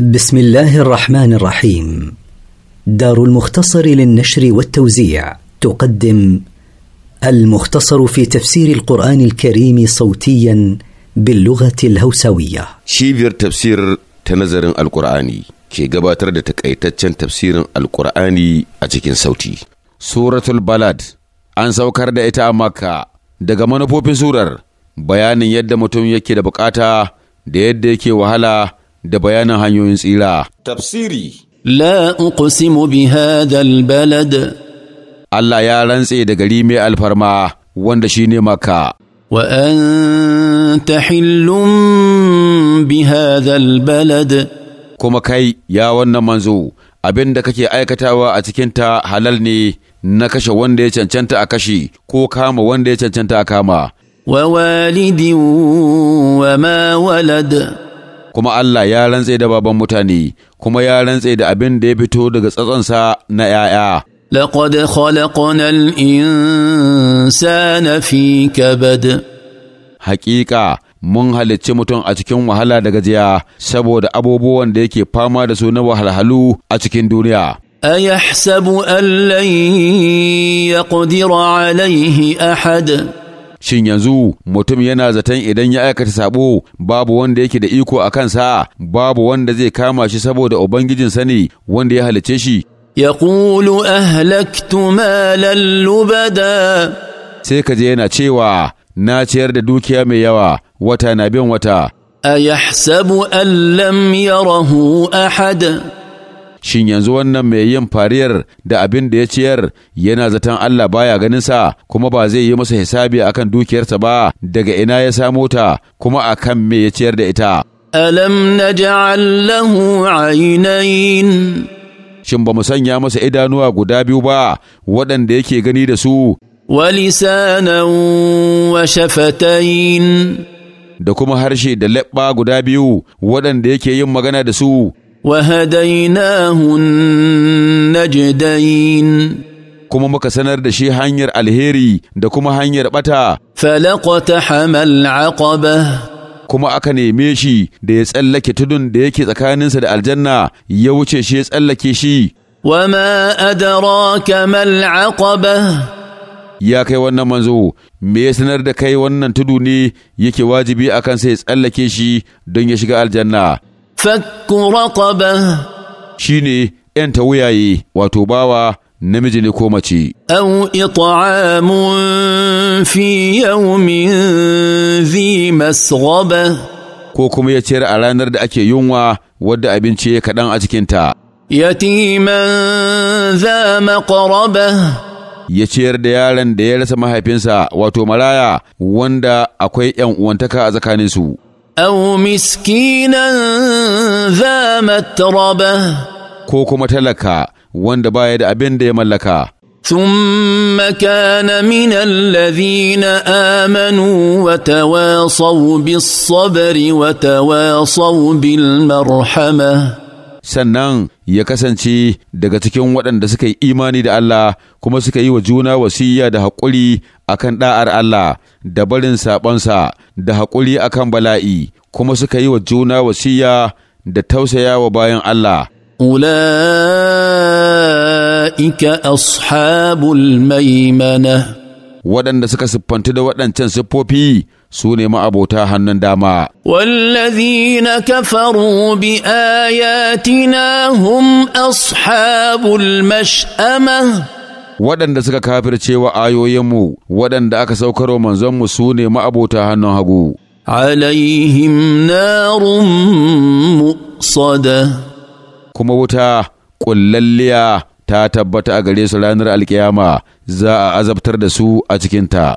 بسم الله الرحمن الرحيم دار المختصر للنشر والتوزيع تقدم المختصر في تفسير القرآن الكريم صوتيا باللغة الهوسوية شيفير تفسير تنظر القرآني كي قباتر تكأيتتشن تفسير القرآني أتكين صوتي سورة البلد أن سوكر دا إتا مكة daga manufofin surar bayanin yadda mutum yake da bukata da yadda yake wahala da bayanin hanyoyin tsira. Tafsiri La uqsimu bi hadal balad Allah ya rantse da gari mai alfarma wanda shine maka. Wa anta hillum bi hadal balad Kuma kai ya wannan manzo abin da kake aikatawa a cikinta halal ne na kashe wanda ya cancanta a kashe ko kama wanda ya cancanta a kama. Wa walidin wa ma walad kuma Allah ya rantse da baban mutane kuma ya rantse da abin da ya fito daga tsatsansa na ‘ya'ya. لقد خلقنا الإنسان fi كبد حقيقة mun halicci mutum a cikin wahala da gajiya saboda abubuwan da yake fama da su na wahalhalu a cikin duniya. أيحسب أن لن يقدر عليه أحد shin yanzu mutum yana zaton idan ya aikata sabo babu wanda yake da iko a kansa babu wanda zai kama shi saboda ubangijinsa ne wanda ya halice shi يقول أهلكت مالا لبدا sai ka je yana cewa na ciyar da dukiya mai yawa wata na bin wata أيحسب أن لم يره أحد shin yanzu wannan mai yin fariyar da abin da ya ciyar yana zaton Allah baya ganin sa kuma ba zai yi masa hisabi akan dukiyarsa ba daga ina ya samo ta kuma akan me ya ciyar da ita alam naj'al lahu aynayn shin ba mu sanya masa idanuwa guda biyu ba waɗanda yake gani da su ولسانا وشفتين da kuma harshe da leɓɓa guda biyu waɗanda yake yin magana da su وهديناه النجدين kuma muka sanar da shi hanyar alheri da kuma hanyar bata falaqtahamal al'aqaba kuma aka neme shi da ya tsallake tudun da yake tsakaninsa da aljanna ya wuce shi ya tsallake shi wama adraka mal aqaba ya kai wannan manzo me ya sanar da kai wannan tudu ne yake wajibi akan sai ya tsallake shi don ya shiga aljanna ne 'yan ta wuyaye, wato bawa, namiji ne ko mace. Au it'amun fi yawmin zi masghaba ko kuma ya ciyar a ranar da ake yunwa wadda abinci ya kaɗan a cikinta. Yatiman za maƙaraba ya ciyar da yaron da ya rasa mahaifinsa wato maraya wanda akwai ‘yan uwantaka a tsakaninsu. أو مسكينا ذا متربة كوكو متلكا واند بايد أبند يملكا ثم كان من الذين آمنوا وتواصوا بالصبر وتواصوا بالمرحمة sannan ya kasance daga cikin waɗanda suka yi imani da Allah kuma suka yi wa juna wasiya da haƙuri akan ɗa'ar Allah da barin saɓonsa da haƙuri akan bala'i kuma suka yi wa juna wasiya da wa bayan Allah. Ula'ika waɗanda suka siffanti da waɗancan siffofi su ne ma'abota hannun dama. Wallazina kafaru bi ayatina hum ashabul mash'ama. Waɗanda suka kafirce wa ayoyinmu waɗanda aka saukarwa manzonmu su ne ma'abota hannun hagu. Alaihim narun mu'sada. Kuma wuta ƙullalliya ta tabbata a gare su ranar alkiyama za a azabtar da su a cikinta.